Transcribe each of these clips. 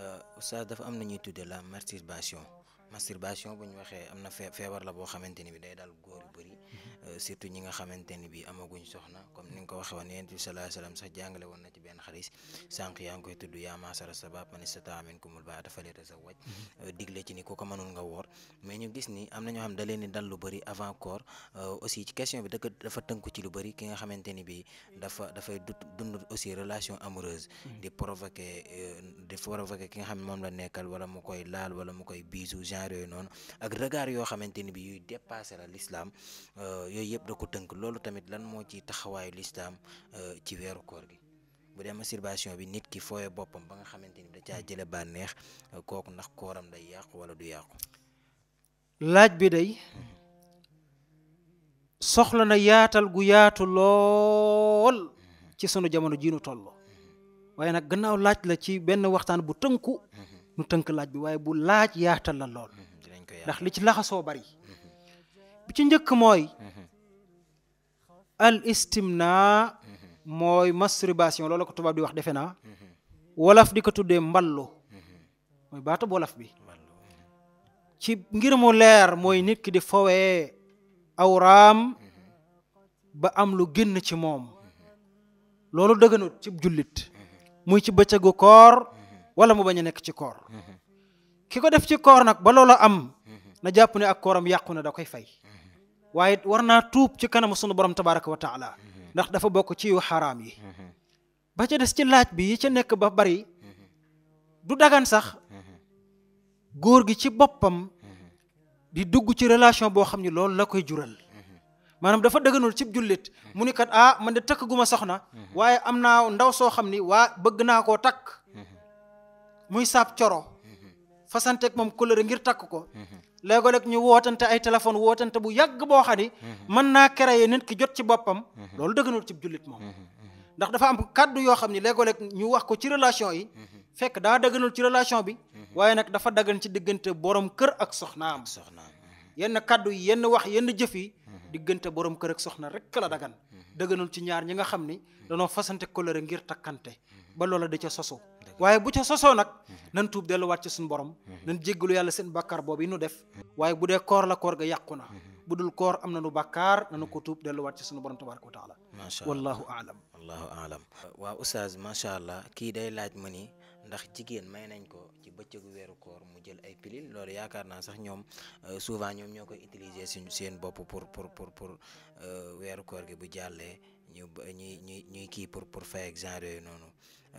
Euh, oustaz dafa am na ñuy tuddee la masturbation masturbation bu ñu waxee am na feebar la boo xamante ni bi day dal góor yu bëri mm-hmm. Euh, surtout ñi nga xamante ni bii amaguñ soxna comme ni nga ko waxee woon yonent bi sallallahu alayhi wasallam sax jàngale woon na ci benn xaris sànq yaa ngi koy tudd yaa maasara sabab man istata'a minkumul baa'ata falyatazawwaj euh, digle ci ni ku ko mënul nga woor mais ñu gis ni am na ñoo xam da leen ni dal lu bëri avant koor euh, aussi ci question bi dëkk dafa tënku ci lu bëri ki nga xamante ni bii dafa dafay dund aussi relation amoureuse mm. di provoquer ki nga xam moom la nekkal wala mu koy laal wala mu koy biisu yoo xamante ni bi yuy dépassé la yooyu yëpp da ko tënk loolu tamit lan moo ci taxawaayu lislaam euh, ci weeru koor gi bu dee masturbation bi nit ki fooye boppam ba nga xamante ni da caa jële bànneex euh, kooku ndax kooram day yàqu wala du yàqu laaj bi day soxla na yaatal gu yaatu lool ci sunu jamono ji nu toll waaye nag gannaaw laaj la ci benn waxtaan bu tënku mhm. nu tënk laaj bi waaye bu laaj yaatal la lool mhm, ndax li ci laxasoo bari bi ci njëkk mooy mm-hmm. al istimna mm-hmm. mooy masturbation loolu ko tubaab di wax defe naa mm-hmm. wolof di ko tuddee mballu mooy baatub wolof bi ci ngir mu leer mooy nit ki di fowee awraam ba am lu génn ci moom loolu dëgganut ci jullit muy ci bëccëgu koor wala mu bañ a nekk ci koor ki ko def ci koor nag ba loolu am na jàpp ne ak kooram yàqu na da koy fay waaye war naa tuub ci kanamu sunu borom tabaraka wa taala ndax dafa bokk ci yu xaraam yi ba ca des ci laaj bi yi ca nekk ba bari du dagan sax góor gi ci boppam di dugg ci relation boo xam ni loolu la koy jural maanaam dafa dëgganul cib jullit mu ni kat ah man de takk gu soxna waaye am naa ndaw soo xam ni waa bëgg naa koo takk muy saab coro fasanteeg moom couleur ngir takk ko léegoo-léeg ñu wootante ay téléphone wootante bu yàgg boo xam ni mhm. mën naa créer nit ki jot ci boppam mhm. loolu dëgganul ci jullit moom mhm. ndax dafa am kàddu yoo xam ni léegoo-léeg ñu wax ko ci relation yi fekk daa dëgganul ci relation bi waaye nag dafa daggan ci diggante borom kër ak soxnaam yenn kàddu yi yenn wax yenn jëf yi diggante borom kër ak soxna rek la daggan dëgganul ci ñaar ñi nga xam ni danoo fasante kóllëre ngir takkante ba loola de ca sosu waaye bu ca sosoo nag nan tuub delluwaat ci suñu borom nan jéggalu yàlla seen bàkkaar boobu yi nu def waaye bu dee koor la koor ga yàqu na bu dul koor am na nanu bàkkaar nanu ko tuub delluwaat ci suñu borom tabaraka wa taala wallahu alam wallahu alam waaw oustaz macha allah kii day laaj ma ni ndax jigéen may nañ ko ci bëccëgu weeru koor mu jël ay pilule loolu yaakaar naa sax ñoom euh, souvent ñoom ñoo koy utiliser suñ seen bopp pour pour pour pour euh, weeru koor gi bu jàllee ñuy ñuy ñuy kii pour pour fay ak genre yooyu noonu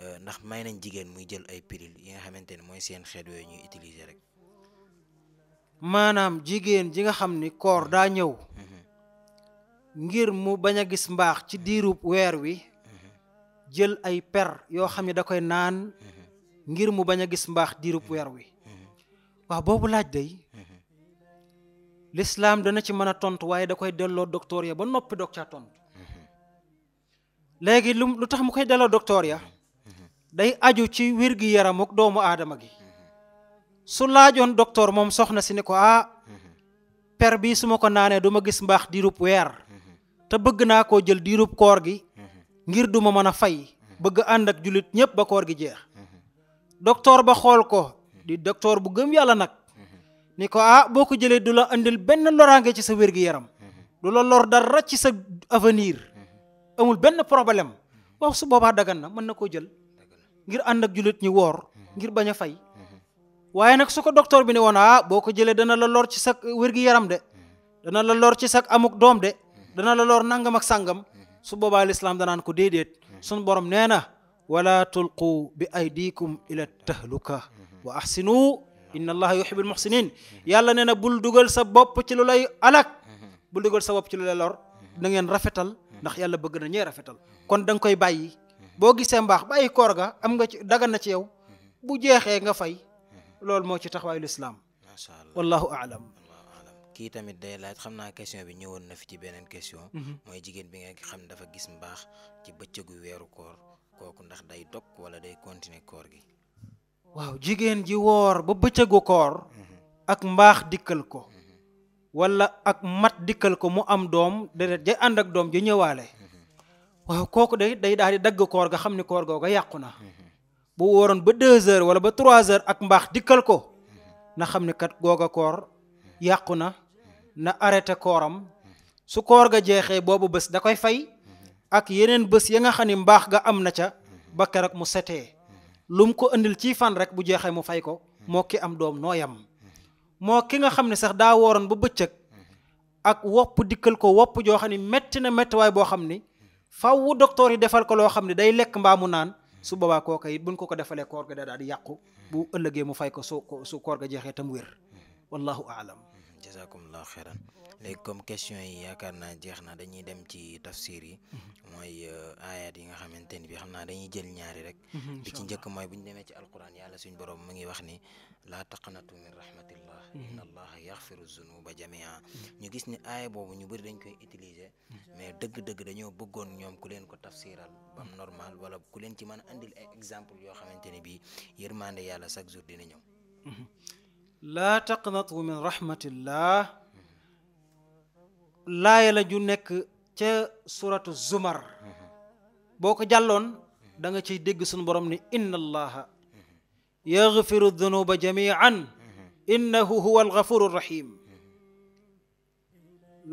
euh, ndax may nañ jigéen muy jël ay pilule yi nga xamante ne mooy seen xeet yooyu ñuy utiliser rek. maanaam jigéen ji nga xam ni koor daa ñëw. Mhm. ngir mu bañ a gis mbaax ci diirub weer wi. Mhm. jël ay per yoo xam ne da koy naan. Mhm. ngir mu bañ a gis mbaax diirub weer wi. waaw boobu laaj day. lislaam dana ci mën a tontu waaye da koy delloo docteur ya ba noppi dog caa tontu. léegi lu lu tax mu koy dala docteur ya day aju ci wér gi yaramuk doomu aadama gi su laajoon docteur moom soxna si ne ko ah per bi su ma ko naanee du ma gis mbaax diirub weer te bëgg naa koo jël diirub koor gi ngir du ma mën a fay bëgg ànd ak jullit ñépp ba koor gi jeex docteur ba xool ko di docteur bu gëm yàlla nag ni ko ah boo ko jëlee du la indil benn loraange ci sa wér gi yaram du la lor dara ci sa avenir amul benn problème waaw su boobaa dagan na mën na koo jël ngir ànd ak jullit ñi woor ngir bañ a fay waaye nag su ko docteur bi ne woon ah boo ko jëlee dana la lor ci sak wér yaram de dana la lor ci sa amuk doom de dana la lor nangam ak sàngam su boobaa lislaam danaan ko déedéet sun borom nee na wala tulqu bi aydikum ila tahluka wa ahsinu inna allaha yuhibbul muhsinin yàlla nee na bul dugal sa bopp ci lu lay alak bul dugal sa bopp ci lu lay lor da rafetal ndax yàlla bëgg na ñee rafetal kon danga koy bàyyi boo gisee mbaax bàyyi koor ga am nga ci dagan na ci yow bu jeexee nga fay loolu moo ci taxawaayu lislaam macha allah wallahu alam kii tamit day laaj xam naa question bi ñëwoon na fi ci beneen question mhm. mooy jigéen bi nga xam dafa gis mbaax ci bëccëgu weeru koor kooku ndax day dog wala day continuer koor gi waaw jigéen ji woor ba bëccëgu koor mhm. ak mbaax dikkal ko wala ak mat dikkal ko mu am doom deret ja ànd ak doom ja ñëwaale waaw kooku day day daal di dagg koor ga xam ni koor googa yàqu na bu wóoroon ba deux heures wala ba trois heures ak mbaax dikkal ko na xam ni kat googa koor yàqu na na arrêté kooram su koor ga jeexee boobu bës da koy fay ak yeneen bés ya nga xam ni mbaax ga am na ca ba keroog mu setee lu mu ko indil ci fan rek bu jeexee mu fay ko moo ki am doom nooyam moo ki nga xam ne sax daa wooroon ba bëccëg ak wopp dikkal ko wopp joo xam ne métti na métti waay boo xam ni fawu docteur yi defal ko loo xam ne day lekk mbaa mu naan su boobaa kooka it buñ ko ko defalee koor ga daa daal di yàqu bu ëllëgee mu fay ko su su koor ga jeexee tam wér wallahu aalam jazakumullah xeran léegi comme question yi yaakaar naa jeex na dañuy dem ci tafsir yi mhm. mooy euh, ayat yi nga xamante ni bi xam naa dañuy jël ñaari rek mhm, bi ci njëkk mooy bu ñu demee ci alquran yàlla suñ borom mu ngi wax ni laa taqnatu min rahmatillah mhm. inna allaha a zunuba jamia ñu gis ni aaya boobu ñu bëri dañ koy utiliser mais dëgg-dëgg dañoo bëggoon ñoom ku leen ko tafsiral bam normal wala ku leen ci mën a andil ay exemple yoo xamante ni bi yërmande yàlla chaque jour dina ñëw laa taqnatu min rahmatillah laaya la ju nekk ca suratu zumar boo ko jàlloon da nga ciy dégg suñu borom ni inna allaha yaxfiru dunuba jamian innahu huwa alxafuru rahim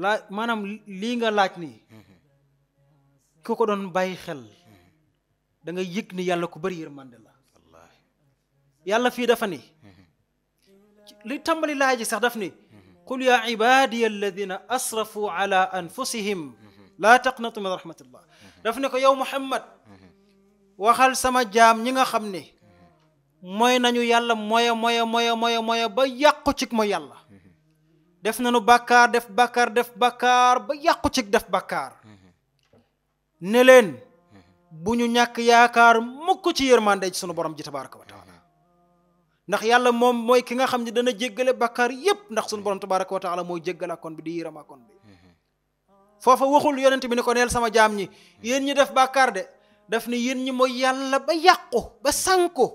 laa maanaam lii nga laaj ni ku ko doon bàyyi xel da nga ni yàlla ku bëri yërmande la yàlla fii dafa ni li tàmbali laay ji sax daf ni qul yaa ibadiya alladina asrafu ala anfusihim laa taqnatu min rahmatillah daf ne ko yow muhammad waxal sama jaam ñi nga xam ni moy nañu yàlla moya moya moya moya moya ba yàqu cig mooy yàlla def nañu bàkkaar def bàkkaar def bàkkaar ba yàqu cig def bàkkaar ne leen bu ñu ñàkk yaakaar mukk ci yërmande ci sunu borom ji tabaraka ndax yàlla moom mooy ki nga xam ne dana jéggale bakkaar yépp ndax suñu borom tabaraka wa taala mooy jéggal akon bi di yërëm akon bi foofa waxul yonent mi ni ko neel sama jaam ni yéen ñi def bàkkaar de daf ni yéen ñi mooy yàlla ba yàqu ba sànku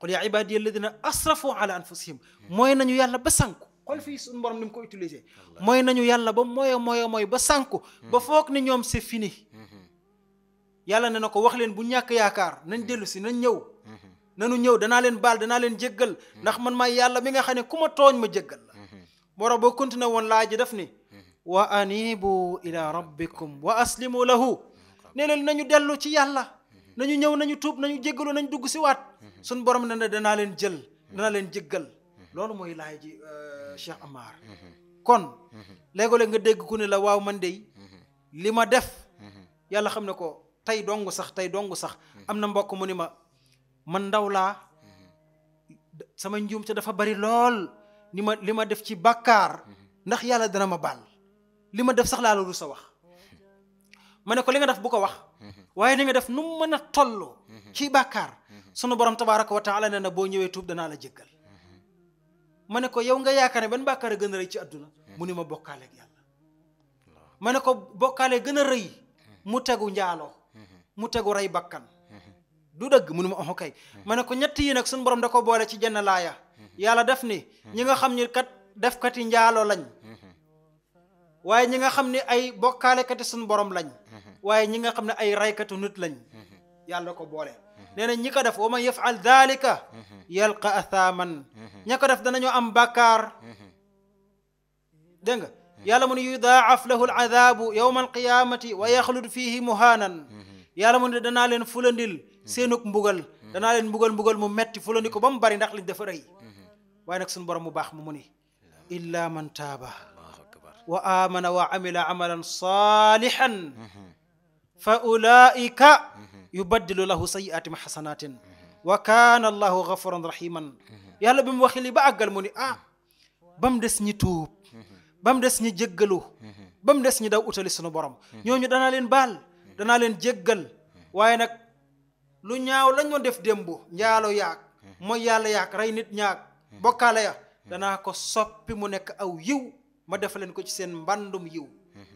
qul yaa ibaadi alladina asrafu ala anfusihim mooy nañu yàlla ba sànku xool fii suñ borom ni ko utilisé mooy nañu yàlla ba mooy mooy mooy ba sànku hmm. ba foog ni ñoom c'est fini hmm. yàlla ne na ko wax leen bu ñàkk yaakaar nañ dellu si nañ ñëw nanu ñëw danaa leen baal danaa leen jéggal ndax man maay yàlla mi nga xam ne ku ma tooñ ma jéggal la moo mhm. tax boo continué woon laa ji def ni mhm. wa anibu ila rabbikum wa aslimu lahu ne leen nañu dellu ci yàlla mhm. nañu ñëw nañu tuub nañu jéggalu nañu dugg si waat suñ borom na ne danaa leen jël dana leen jëggal loolu mooy laay ji euh, Cheikh Amar kon léegoo nga dégg ku ne la waaw man dey li ma def yàlla xam ne ko tey dong sax tey dong sax am na mbokk mu ni ma man ndaw laa sama njuum te dafa bari lool ni ma li ma def ci bàkkaar ndax yàlla dina ma baal li ma def sax laa loolu sa wax ma ne ko li nga def bu ko wax waaye li nga def nu mën a toll ci bàkkaar sunu borom tabaaraka wa taala nee na boo ñëwee tuub danaa la jéggal ma ne ko yow nga yaakaar ne ban bàkkaar a gën a rëy ci àdduna mu ni ma bokkaale ne ko bokkaale gën a rëy mu tegu njaaloo mu tegu rey bàkkan du dëgg mënu ma oh, kay ma ne ko ñett yi nag suñu borom da ko boole ci jenn laaya yàlla def ni ñi nga xam ni kat defkati njaalo lañ waaye ñi nga xam ne ay bokkaalekati suñu borom lañ waaye ñi nga xam ne ay raykatu nit ko boole nee ñi ko def wa man yafal dalika yalqa athaaman ña ko def danañu am bàkkaar dégg nga yàlla mu ne yudaaf lahu al adabu alqiyamati wa yaxlud fihi muhaanan yàlla mu ne danaa leen fulandil seenug mbugal danaa leen mbugal mbugal mu metti fulandi ko ba mu bari ndax liñ dafa rëy waaye nag suñu borom mu baax mu mu ni illa man taaba wa amana wa amila amalan salihan fa ulaika yubaddilu lahu sayiatim xasanatin wa kaana allahu gafuran rahiman yàlla bi mu waxi li ba àggal mu ni ah ba mu des ñi tuub ba mu des ñi jéggalu ba mu des ñi daw utali sunu borom ñooñu danaa leen baal danaa leen jéggal waaye nag lu ñaaw lañ doon def démb njaalo yaag mooy yàlla yaag rey nit ñaag bokkaale ya danaa ko soppi mu nekk aw yiw ma def leen ko ci seen mbandum yiw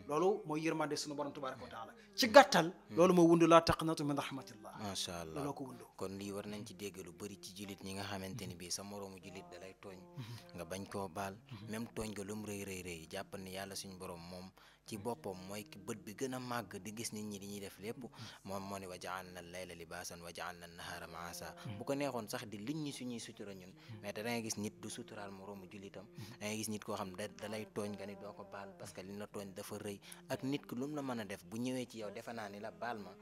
loolu mooy yërmande sunu borom tabaraka wa taala ci gàttal loolu moo wundu laa taqnatu min rahmatillah macha allah looloo ko kon lii war nañ ci dégg lu bëri ci jilit ñi nga xamante ni bii sa moroomu jullit dalay tooñ mhm. nga bañ koo baal même tooñ nga lu mu rëy rëy rëy jàppal ni yàlla suñu borom moom ci boppam mooy bët bi gën a màgg di gis nit ñi li ñuy def lépp moom moo ne wa jaalna layla libaasan wa jaalna nahaara maasa bu ko neexoon sax di liñ ñi suñuy sutura ñun mais da gis nit du suturaal moroomu jullitam da ngay gis nit koo xam ne da lay tooñ nga ni doo ko baal parce que li la dafa rëy ak nit ku lu mu mën a def bu ñëwee ci yow defe naa ni la baal ma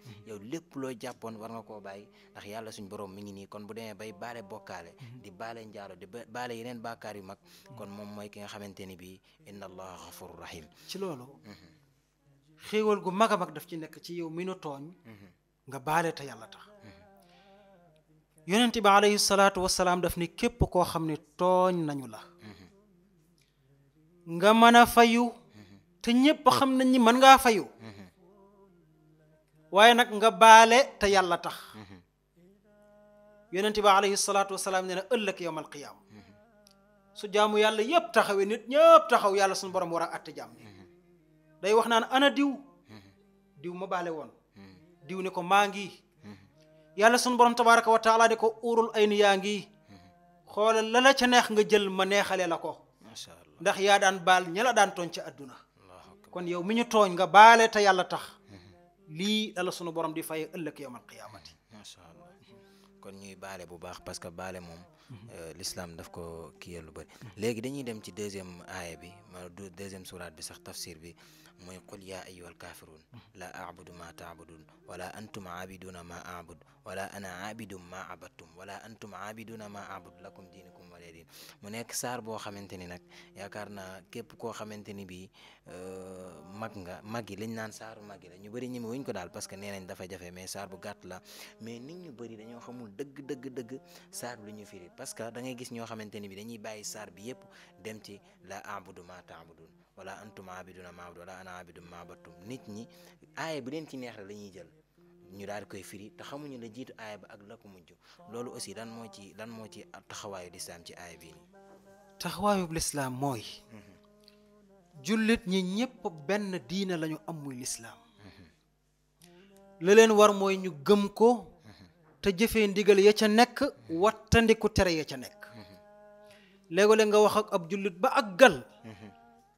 lépp loo jàppoon war nga koo bàyyi ndax yàlla suñ borom mi ngi nii kon bu demee bay baale bokkaale di baale njaalo di baale yeneen bàkkaar yu mag kon moom mooy ki nga xamante ni bi inna allaha ghafurur rahim ci loolu hmm. xéewal gu mag a mag daf ci nekk ci yow mi nu tooñ nga baale te yàlla tax yonent bi alayhi salaatu wasalaam daf ni képp koo xam ne tooñ nañu la nga mën a fayu te ñépp xam nañ ni mën ngaa fayu waaye nag nga baale te yàlla tax yonent bi alayhi salaatu wasalaam nee na ëllëg yowmal qiyaam su jaamu yàlla yépp taxawee nit ñépp taxaw yàlla suñu borom war a àtte day wax naan ana diw hmm. diw ma baale woon hmm. diw ne ko maa ngi hmm. yàlla sunu borom tabaraka wa di ko uurul ay nu yaa ngi xoola la ca neex nga jël ma neexale la ko ndax yaa daan baal ña la daan tooñ ci àdduna kon yow mi ñu tooñ nga baale te yàlla tax lii la sunu borom di fay ëllëg yowmal qiyaamati. macha allah kon ñuy baale bu baax parce que baale moom. Euh, l'islam daf ko kii lu bëri léegi dañuy dem ci deuxième aaya bi ma deuxième surat bi sax tafsir bi mooy qul yaa ayyuhal kaafiruun laa a'budu maa ta'buduun wala antum aabiduuna maa a'bud wala ana aabidum maa abadtum wala antum aabiduuna maa abud lakum diinukum waliya diin mu nekk saar boo xamante ni nag yaakaar naa képp koo xamante ni bii euh, mag nga mag yi liñ naan saaru mag yi la ñu bëri ñi wuñ ko daal parce que nee nañ dafa jafe mais saar bu gàtt la mais nit ñu bëri dañoo xamul dëgg dëgg dëgg saar lu ñu firi parce que da ngay gis ñoo xamante ni bi dañuy bàyyi saar bi yépp dem ci la abudu ma taabudun wala antum abiduna ma abud wala ana abidu ma abattum nit ñi aaye bu leen ci neex la ñuy jël ñu daal koy firi te xamuñu la jiitu aaya ba ak la ko mujj loolu aussi lan moo ci lan moo ci taxawaayu lislaam ci aaya bii nii taxawaayu lislaam mooy mhm. jullit ñi ñépp benn diina lañu am muy lislaam mhm. la war mooy ñu gëm ko te jëfee ndigal ya ca nekk wattandiku tere ya ca nekk léegoo nga wax ak ab jullit ba àggal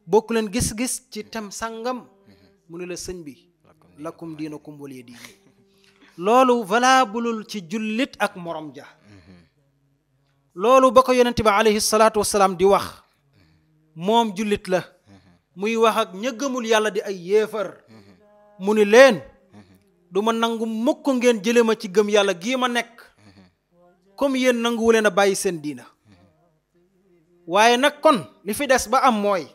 bokk leen gis-gis ci tem sàngam mu ne la sëñ bi lakum diinakum waliya diin loolu valableul ci jullit ak moroom ja loolu ba ko yonente bi alayhi salaatu wasalaam di wax moom jullit la muy wax ak yàlla di ay yéefar mu ni leen du ma nangu mukk ngeen jële ma ci gëm yàlla gii ma nekk comme yéen nanguwu leen a bàyyi seen diina waaye nag kon li fi des ba am mooy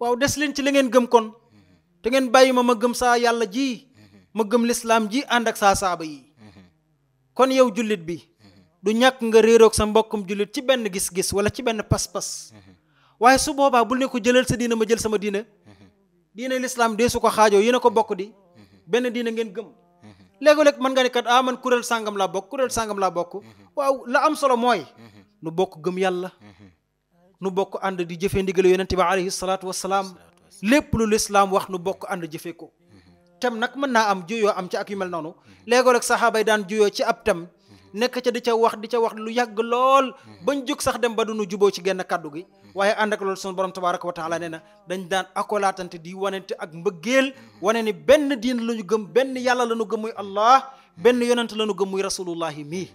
waaw des leen ci li ngeen gëm kon te ngeen bàyyi ma ma gëm saa yàlla ji ma gëm lislaam ji ànd ak saa saaba yi kon yow jullit bi du ñàkk nga réeroog sa mbokkum jullit ci benn gis-gis wala ci benn pas-pas waaye su boobaa bul ne ko jëlal sa diina ma jël sama diina diina lislaam dee su ko xaajoo yéen a ko bokk di benn diina ngeen gëm mhm. léegi-léeg mën nga ne kat ah man kuréel sàngam laa bokk kuréel sàngam laa bokk mhm. waaw la am solo mooy mhm. nu bokk gëm yàlla nu bokk ànd di jëfee ndigal yonente bi alayhi salaatu wasalaam lépp lu lislaam wax nu bokk ànd jëfee ko tem nag mën naa am juyoo am ci ak yu mel noonu léegi-léeg saxaaba yi daan juyoo ci ab tem nekk ca di ca wax di ca wax lu yàgg lool bañ jóg sax dem ba dunu juboo ci genn kàddu gi waaye ànd ak lool sunu borom tabaraka wa taala nee na dañ daan akolaatante di wanente ak mbëggeel wane ni benn diin la ñu gëm benn yàlla la ñu gëm muy allah benn yonent la ñu gëm muy rasulullahi mii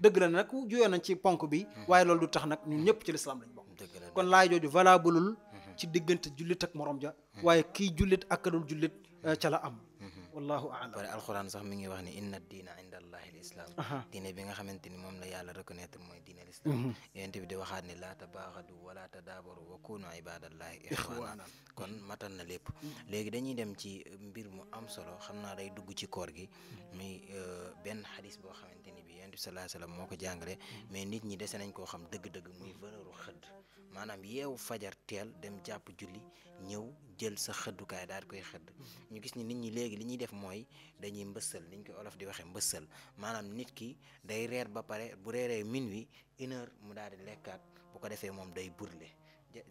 dëgg la nag juyoo nañ ci ponk bi waaye lool du tax nag ñun ñëpp ci lislaam lañ bokk kon laay jooju valableul ci diggante jullit ak morom ja waaye kii jullit ak kadul jullit ca la am wallahu a'lam pare alxuraan sax mi ngi wax ni inna diina inda allahi al islam diine bi nga xamante ni moom la yàlla reconnaître mooy diine al islam mhm. yonent bi di waxaat ni laa tabaaxadu wala tadaabaru wa kunu ibadallahi kon mhm. matal na lépp mhm. léegi dañuy ci euh, mbir mu am solo xam naa day dugg ci koor gi muy euh, benn xadis boo xamante yonent bi moo ko jàngale mm-hmm. mais nit ñi dese nañ koo xam dëgg-dëgg muy valeuru xëdd maanaam yeewu fajar teel dem jàpp julli ñëw jël sa xëddukaay daal koy xëdd mm-hmm. ñu gis ni nit ñi léegi li ñuy def mooy dañuy mbëssal liñ ko olof di waxee mbëssal maanaam nit ki day reer ba pare bu reeree minuit une heure mu daal di lekkaat bu ko defee moom day burle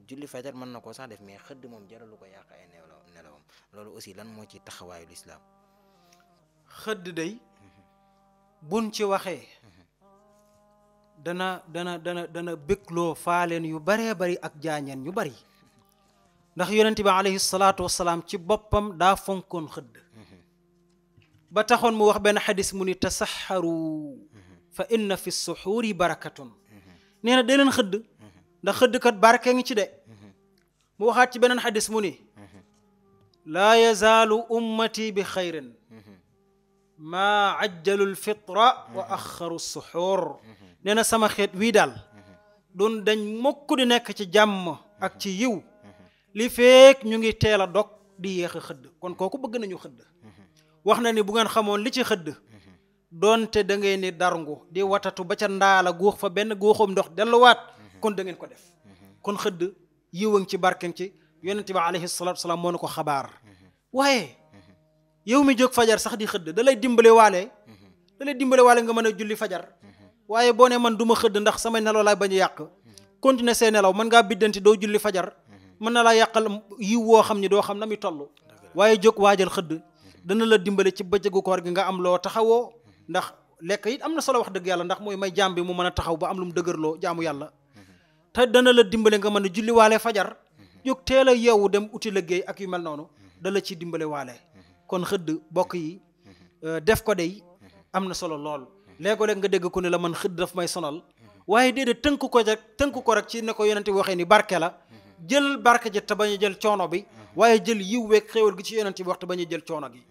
julli fajar mën na koo sax def mais xëdd moom jaralu ko yàq ay nelaw nelawam loolu aussi lan moo ci taxawaayu lislaam xëdd day buñ ci waxee dana dana dana dana bégloo faaleen yu baree bari ak jaañeen yu bari ndax yonente bi alayhi salaatu wasalaam ci boppam daa fonkoon xëdd ba taxoon mu wax benn xadis mu ni tasaxaru fa inna fi suxuuri barakatun nee na dee leen xëdd ndax xëdd kat barke ngi ci de mu waxaat ci beneen xadis mu ni laa yazaalu ummati bi xayrin maa ajjalu lfitra wa axaru suxuur nee na sama xeet wii daal doon dañ mokk di nekk ci jàmm ak ci yiw li feek ñu ngi teel a dog di yéex a xëdd kon kooku bëgg nañu xëdd wax na ni bu ngeen xamoon li ci xëdd doonte da ngay ni darngu di watatu ba ca ndaala guux fa benn guuxum ndox delluwaat kon da ngeen ko def kon xëdd yiwang ci barken ci yonente bi alayhi salatu wasalaam moo na ko xabaar waaye yow mi jóg fajar sax di xëdd da lay dimbale waale da lay dimbale waale nga mën a julli fajar waaye boo ne man duma xëdd ndax sama nelaw laay bañ a yàq continuer see nelaw mën ngaa biddanti doo julli fajar mën na laa yàqal yiw woo xam ni doo xam na muy toll waaye jóg waajal xëdd dana la dimbale ci bëccëgu koor gi nga am loo taxawoo ndax lekk it am na solo wax dëgg yàlla ndax mooy may jaam mu mën a taxaw ba am lu mu dëgërloo jaamu yàlla te dana la dimbale nga mën a julli waale fajar jóg teel a yeewu dem uti liggéey ak yu mel noonu da la ci dimbale waale kon xëdd bokk yi mhm. euh, def ko dey mhm. am na solo lool mhm. léegoo-léeg nga dégg ku ne la man xëdd daf may sonal waaye déedéet tënk ko rek tënk ko rek ci ne ko yonent bi waxee ni barke la jël barke ji te bañ jël coono bi waaye jël yiw weeg xéewal gi ci yonent bi wax te bañ a jël coono gi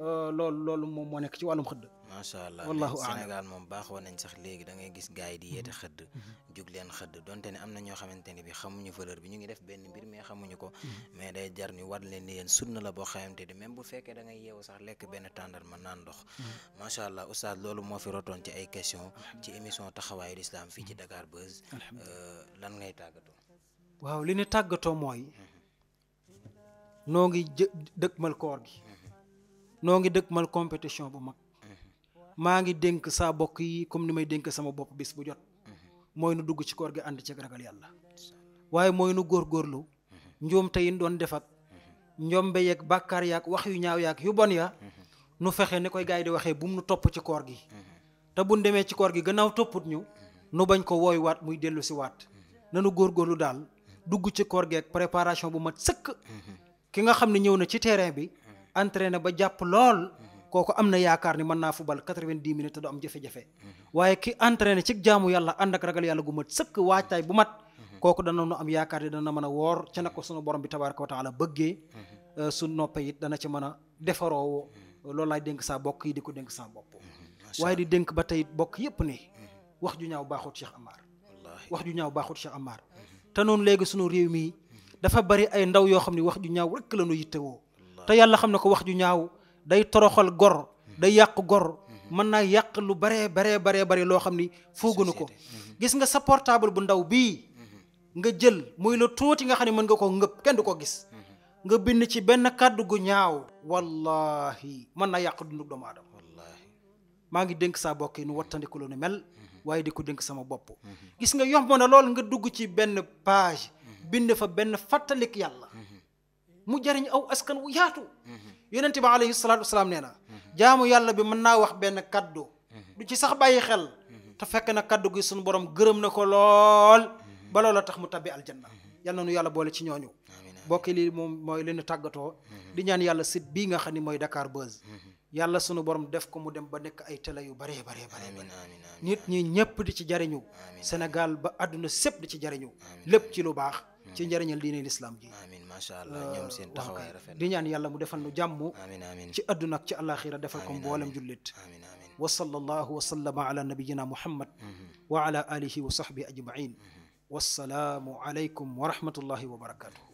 euh, loolu loolu moom moo nekk ci wàllum xëdd macha allah wallaahu aalam Sénégal moom baaxoo nañ sax léegi da ngay gis gars yi di yeete xëdd mm-hmm. Mm-hmm. jug leen xëdd donte ne am na ñoo xamante ne bi xamuñu valeur bi ñu ngi def benn mbir mais xamuñu ko mm-hmm. mais day jar ñu war leen ni yéen sunna la boo xamante ni même bu fekkee da ngay yeewu sax lekk benn tàndar ma naan ndox macha allah oustaz loolu moo fi rotoon ci ay question ci émission taxawaayu lislaam fii ci Dakar Buzz euh, lan ngay tàggatoo waaw li ñu tàggatoo mooy noo ngi dëkkmal koor gi noo ngi dëkkmal compétition bu mag maa ngi dénk saa bokk yi comme ni may dénk sama bopp bis bu jot mooy nu dugg ci koor gi ànd ci ragal yàlla waaye mooy nu góorgóorlu njuum te yin doon def ak njombe yeeg bàkkaar yaak wax yu ñaaw yaak yu bon ya nu fexe ni koy gaay di waxee bu mu topp ci koor gi te buñ demee ci koor gi gannaaw topput ñu nu bañ ko wooy waat muy dellu si waat nanu góorgóorlu daal dugg ci koor gi ak préparation bu mat sëkk ki nga xam ne ñëw na ci terrain bi entraîné ba kooku am na yaakaar ni mën naa fubal quatre-vingt-dix minutes te du am jafe-jafe waaye ki entraîné ci jaamu yàlla ànd ak ragal yàlla gu mat sëkk waajtaay bu mat kooku danañu am yaakaar ni dana mën a woor ca na ko sunu borom bi tabaraka wa taala bëggee euh, su noppee it dana ci man a defaroo loolu laay dénk saa bokk yi di ko dénk saa bopp waaye di dénk ba tey bokk yépp ne mhm. wax ju ñaaw baaxut Cheikh Amar wax ju ñaaw baaxut Cheikh Amar mhm. te noonu léegi sunu réew mi mhm. dafa bari ay ndaw yoo xam ne wax ju ñaaw rek la ñu yittewoo te day toroxal gor day yàq gor mën naa yàq lu baree baree baree bare loo xam ni foogunu ko mhm. gis nga sa portable bu ndaw bii mhm. nga jël muy la tuuti nga xam ne mën nga koo ngëb kenn du ko gis mhm. nga bind ci benn kàddu gu ñaaw wallahi mën naa yàq dundu doomu aadama maa ngi dénk saa bokk nu wattandiku lu ni mel waaye di ko dénk sama bopp gis nga yomb na lool nga dugg ci benn page bind fa benn fàttalik yàlla mu jariñ aw askan wu yaatu yonent bi alayhi salaatu wasalaam nee na jaamu yàlla bi mën naa wax benn kaddu du ci sax bàyyi xel te fekk na kàddu gi suñu borom gërëm na ko lool ba loola tax mu tabbi aljanna yal na yàlla boole ci ñooñu mbokk yi moom mooy leen tàggatoo di ñaan bii nga xam ni mooy dakaar Buzz yàlla sunu borom def ko mu dem ba nekk ay télé yu baree baree bare nit ñi ñëpp di ci jariñu Sénégal ba àdduna sépp di ci jariñu lépp ci lu baax ci njariñal diine l'islam ji macha allah ñoom seen euh, taxawaay rafet di ñaan yàlla mu defal nu jàmm amiin amiin ci àdduna ak ci àllaaxira defal ko mboolem jullit amiin amiin wa sallallahu wa sallama ala nabiyina muhammad mm-hmm. wa ala alihi wa sahbi ajmain mm-hmm. wassalaamu aleykum wa rahmatullahi wa barakatuh